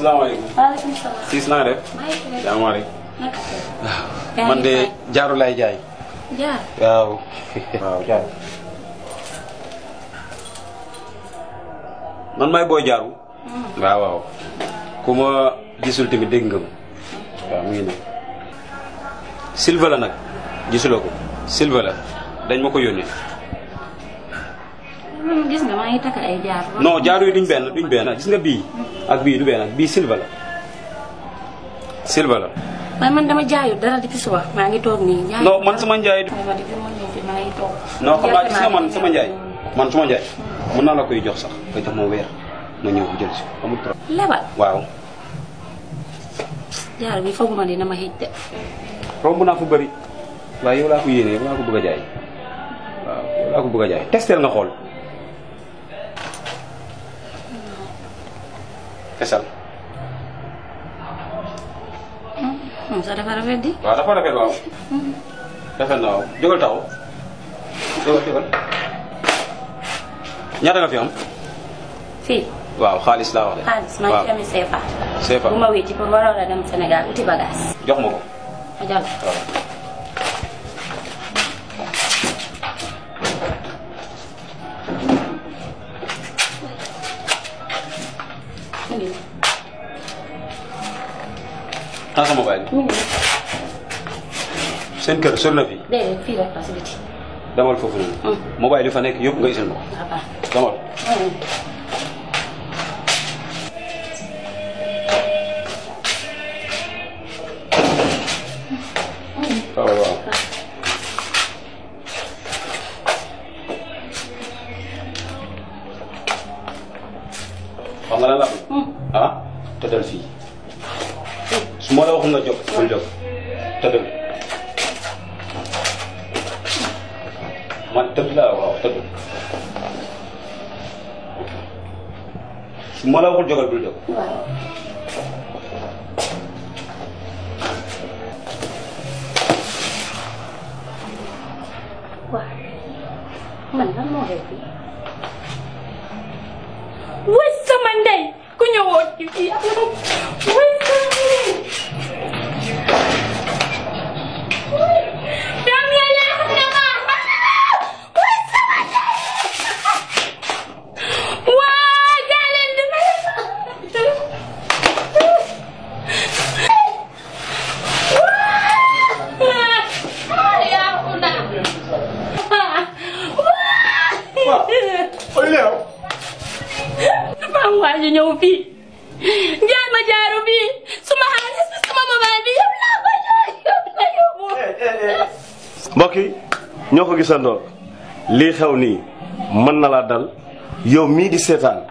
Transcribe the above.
salaamaaleykum. naa def. maa jaay. man maay booy jaaru. Mm. waaw waaw. ku la nag gisuloo ko Sylvain la dañ ma ko yónnee. Mm, gis jaar. jaaru duñ benn duñ benn gis nga bii. Mm. ak bii du benn bii silva la man dama jaayu dara depuis suba maa ngi toog nii. non man sama njaay. non man sama njaay man sama naa la koy jox sax nga jox ma weer ma ñëw jël si amul problème. lebal waaw. jaar bi foog ma dina ma xëj de. romb naa fu bari waaye yow laa ko yéene yow laa ko bëgg a jaay waaw yow laa ko bëgg jaay testeel nga xool. fesal. moom sax dafa rafet di. waaw dafa rafet waaw. rafet na waaw jógal taw jógal jógal ñaata nga fi waaw xaalis laa wax xaalis maa ngi amee CFA. CFA bu ma wéeti pour waroon a dem Sénégal uti bagage. jox ma ana mobile bi. seen kër sori na fi. mobile yi fa nekk yëpp nga isil ma ko. demal. waaw waaw. xam nga lan moo la wax nga jóg bul jóg tëddal man tëdd laa waaw tëdd moo la waxul jógal bul jóg waaw man lan moo xew fii way sama ndey ku ñëwoon ci fii courage yu ñëw fii jaay ma jaaru bii suma xaalis bi suma mobile bi yëpp laa ko jaay yëpp la yóbbu eh, eh, eh. mbokk ñoo ko gisandoo lii xew nii mën na laa dal yow mii di seetaan